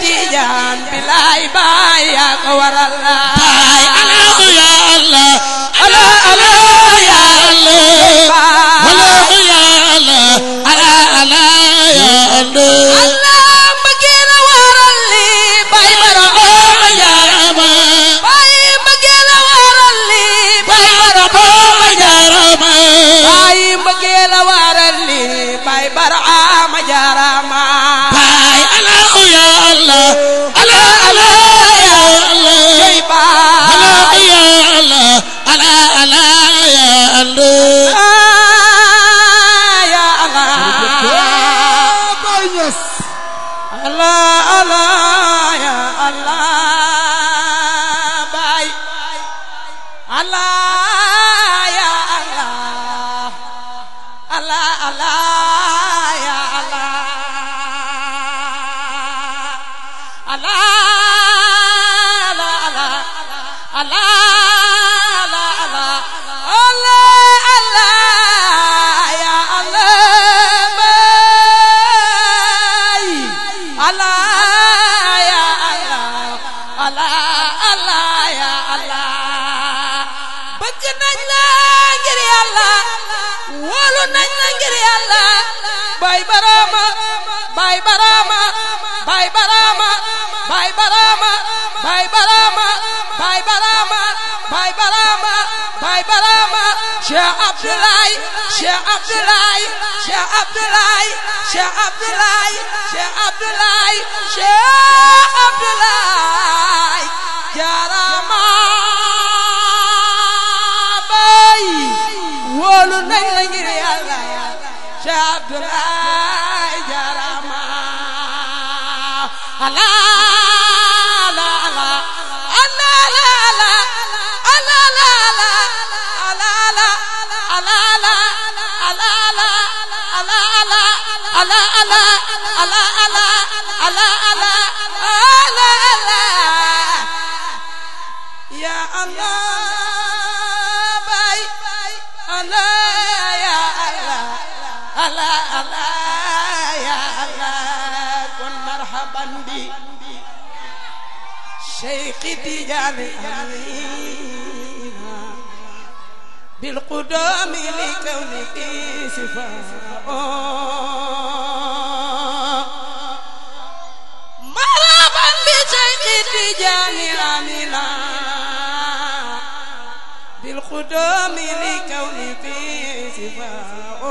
Tijaan yes. Allah, Allah, ya Allah. allah ya allah bëgg nañ la ngir yàlla wóolu nañ la ngir yàlla bay barama bay barama bay barama bay barama bay barama bay barama bay barama bay barama Cheikh Abdoulaye Cheikh Abdoulaye Cheikh Abdoulaye Cheikh Abdoulaye Cheikh Abdoulaye Cheikh Abdoulaye jaarama bay wóolu nañ la ngir yàlla Cheikh Abdoulaye jaarama ala ala ala ala ala ala ala ala ala ala ala ala ala ala ala ala ala ala ala ana bay ana ya Allah ala ala ya Allah kon marhaban bi Cheikh Tidiane amina bil qudami li kawnihi sifa مرحبا بشيخ تجاني آمنا قدام لكون فيه سفاء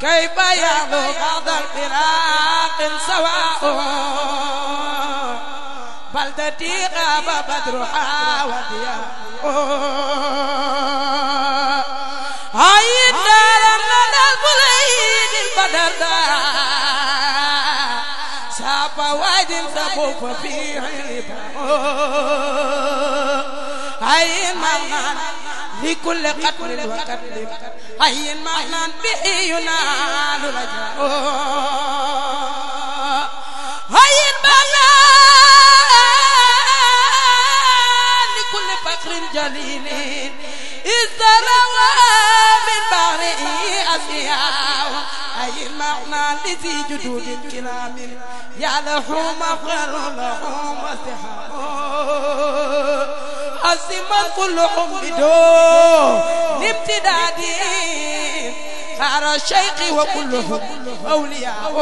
كيف يعلو بعض الفراق سواء بلدتي غاب بدرها ودياء هاي الدار من البليد البدر ساب واد تبوك فيه ربا في كل قتل وقتل حي معنى به ينال رجاء حي معنى لكل فقر جليل إذا روى من بحره أسياه أي المعنى لذي جدود كرام يا لهم أفغل لهم استحاب أزم كل حمده لامتدادي خار الشيخ وكلهم أولياء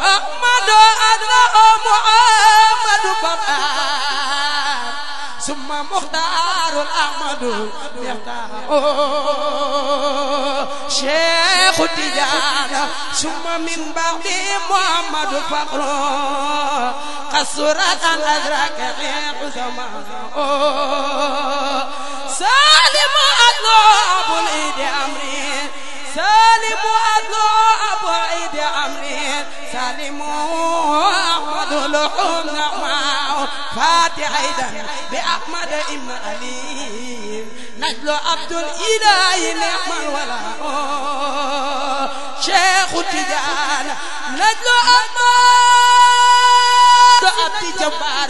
أحمد أدنى محمد برآن ثم مختار الأحمد يختار شيخ التجار summa min ba'di muhammadu fakhru qasurat an adraka husama salim adlo abul idi amri salim adlo abu idi amri salim ahmadul humna فاتح ايضا باحمد ابن علي نجل عبد الاله نعم الولاء Cheikhu Tidiane nag lu am ab di jàmbaar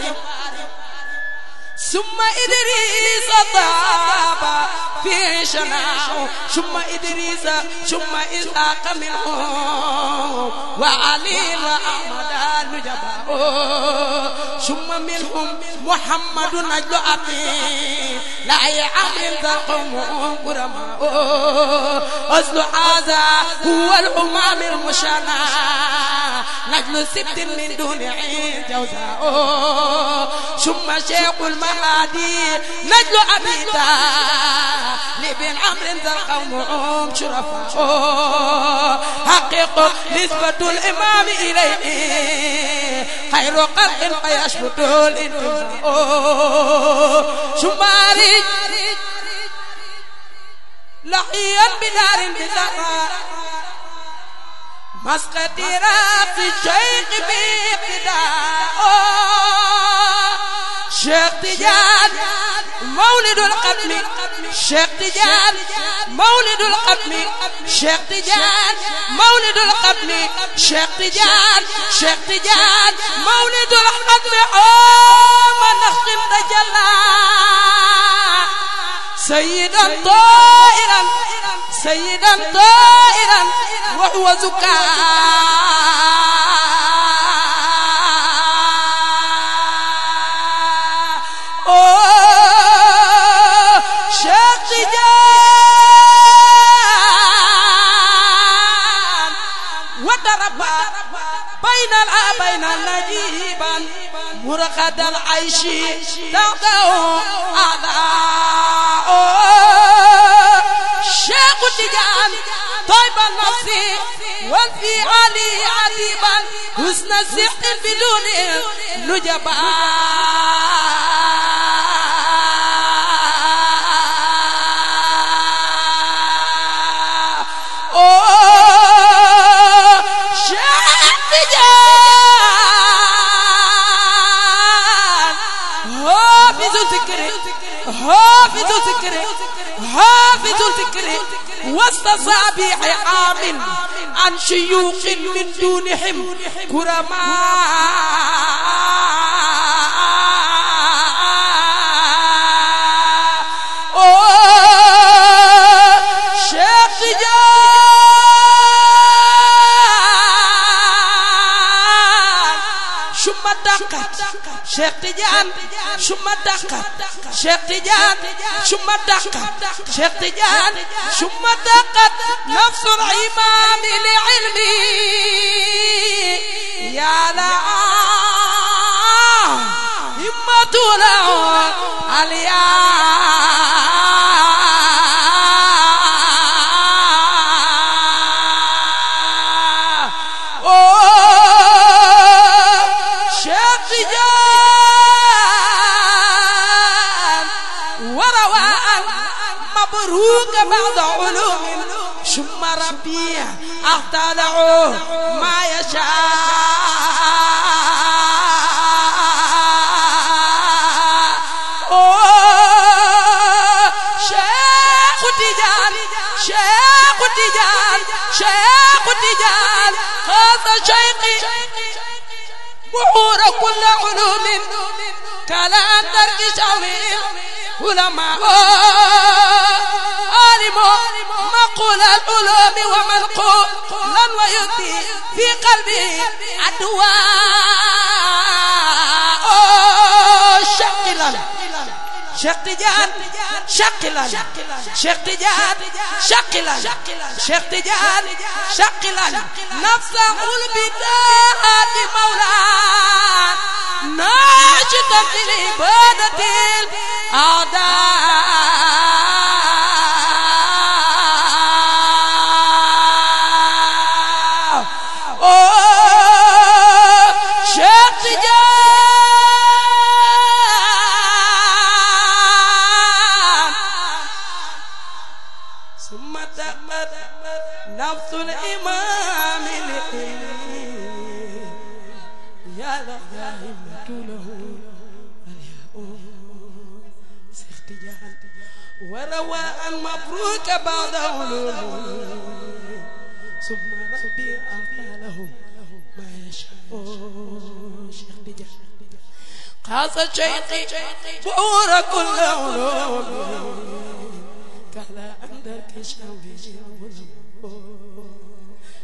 ثم إدريس طاب في شناه ثم إدريس ثم إسحاق منه وعلي وأحمد نجبا ثم منهم محمد نجل أبي لا يعمل ذاكم قرما أصل هذا هو الأمام المشنى نجل سبت من دون عين جوزاء ثم شيخ المهادي نجل أبي طالب عمر ذا القوم شرفاء حقق نسبة الإمام إليه خير قلق فيشبت الانتفاء ثم رج لحيا بدار بزرع مسقط راس الشيخ باقتداء Cheikh Tidiane mawlidul xatmi Cheikh Tidiane mawlidul xatmi Cheikh Tidiane mawlidul xatmi Cheikh Tidiane Cheikh Tidiane mawlidul xatmi oo oh, ma naxim da jalla sayyidan taa'iran sayyidan taa'iran wa huwa zukaa متربى بين الابين نجيبا مرقد العيش تغدو اعداء شيخ تجان طيب النفس والفي علي عذيبا حسن الزق بدون نجبا عن شيوخ من دونهم كرماء Cheikh Tidiane suma daqat Cheikh Tidiane suma daqat nafsul imaami li ilmi yaa laa himmatul aliyaa معلوم ثم ربي أختلع ما يشاء شيخ تجان شيخ تجان شيخ تجان هذا شيخي بحور كل علوم كلا ترك شعوي علماء منقول الألوم ومنقولا ويؤتي في قلبي أدواء شقلا شق تجان شقلا شق تجان شقلا شق تجان شقلا نفسا قلبي ذات مولا ناشطا في عبادة الأعداء علمك بعد علومه ثم ربي أعطى له ما يشاء شيخ بجاه قاس شيخي بؤور كل علومه كلا أندرك شاوي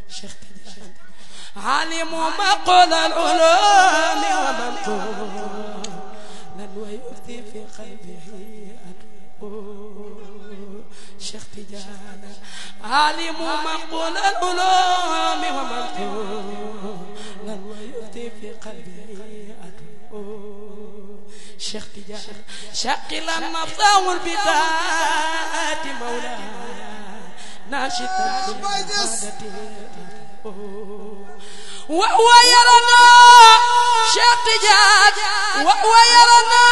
شيخ بجاه عالم مقل العلوم ومنطوق لن ويؤتي في قلبه أنور تجانا عالم مقول العلوم ومقتولا ويؤتي في قلبي شيخ تجانا شاقلا نفسه البطاعة مولانا ناشطا في وهو يرنا شيخ تجاد وهو يرنا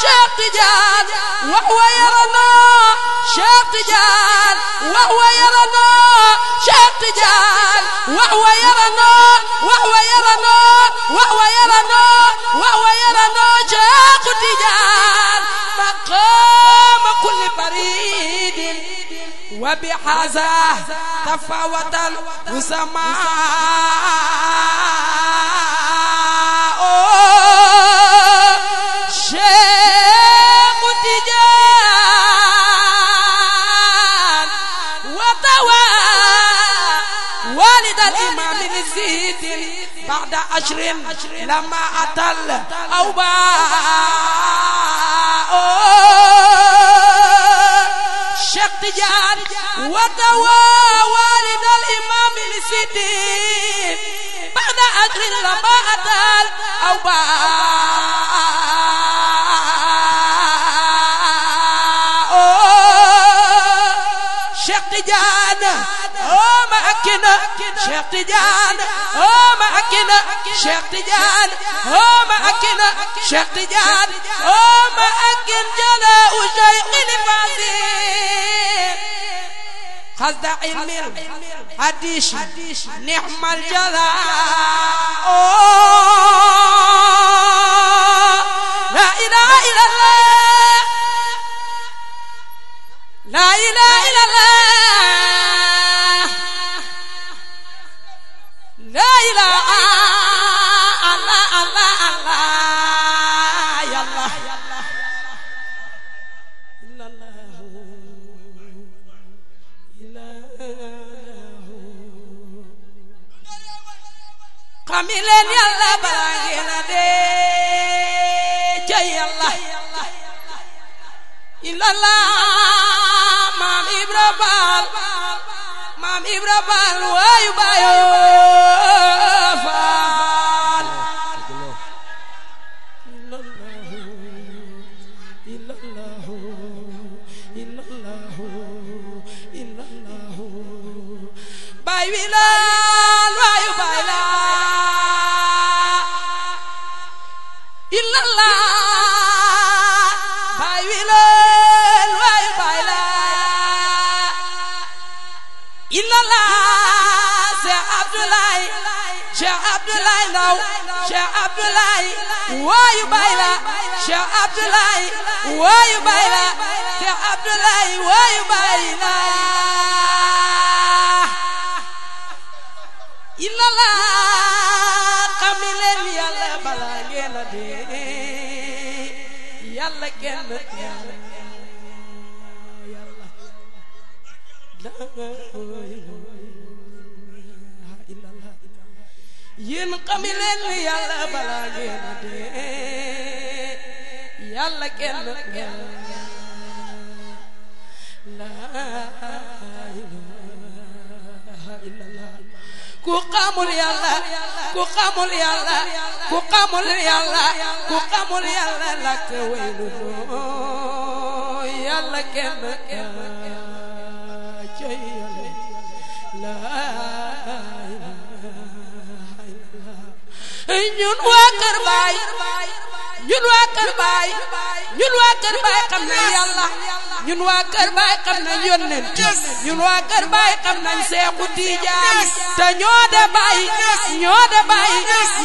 شيخ تجاد وهو يرنا Cheikh Tidiane wax wa yaranoo Cheikh Tidiane wax wa yaranoo wax wa yaranoo wax wa yaranoo wax wa yaranoo Cheikh Tidiane maqaama kulli baridin wa bihaza tafawatan wa samaa لما أطل makkina Cheikh Tidiane oh makkina Cheikh Tidiane oh makkina Cheikh Tidiane oh makkin jalaa u shaykhil faasi قصد علم حديش نعم الجزاء لا إله إلا الله لا إله إلا الله wooyu bay la Cheikh Abdoulaye wooyu bay la ilala xami leen yàlla a dee yàlla kenn ku xamul yàlla ku xamul yàlla ku xamul yàlla ku xamul yàlla lakk waylu yàlla kenn coy yàlla ñun waa kër baay ñun waa kër baay ñun waa kër baay xam nañ yàlla ñun waa kër baay xam nañ yónnent ñun waa kër baay xam nañ seexu tiijaan te ñoo de baay ñoo de baay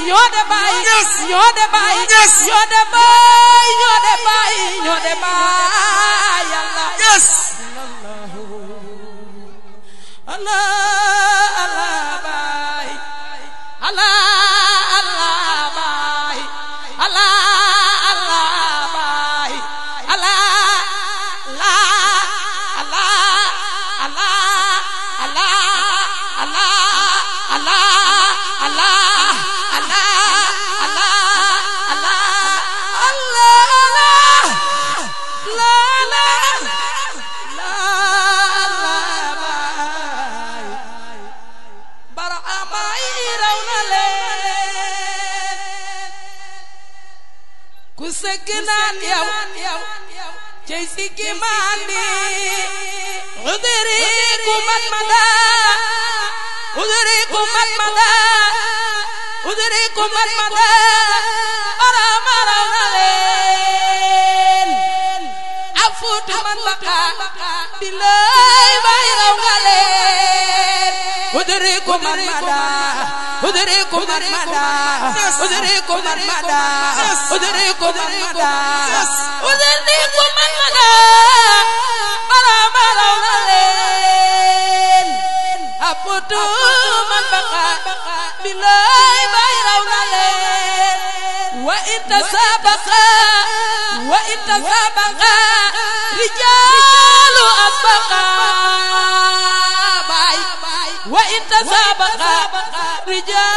ñoo de baay ñoo de baay ñoo de baay ñoo de baay ñoo de baay yàlla Allah Allah baay Allah Allah baay Allah mooy sikki mandi udriku man mada udriku man mada udriku man mada aram aram na leen afutu man baqa billahi bay raw na leen udriku man mada أدريكم المدى أدريكم المدى أدريكم المدى أدريكم المدى أرى ما لو نلين أبوتو من بقى بلاي باي لو نلين وإن تسابقا وإن تسابقا رجال أسبقا وإن تسابقا رجال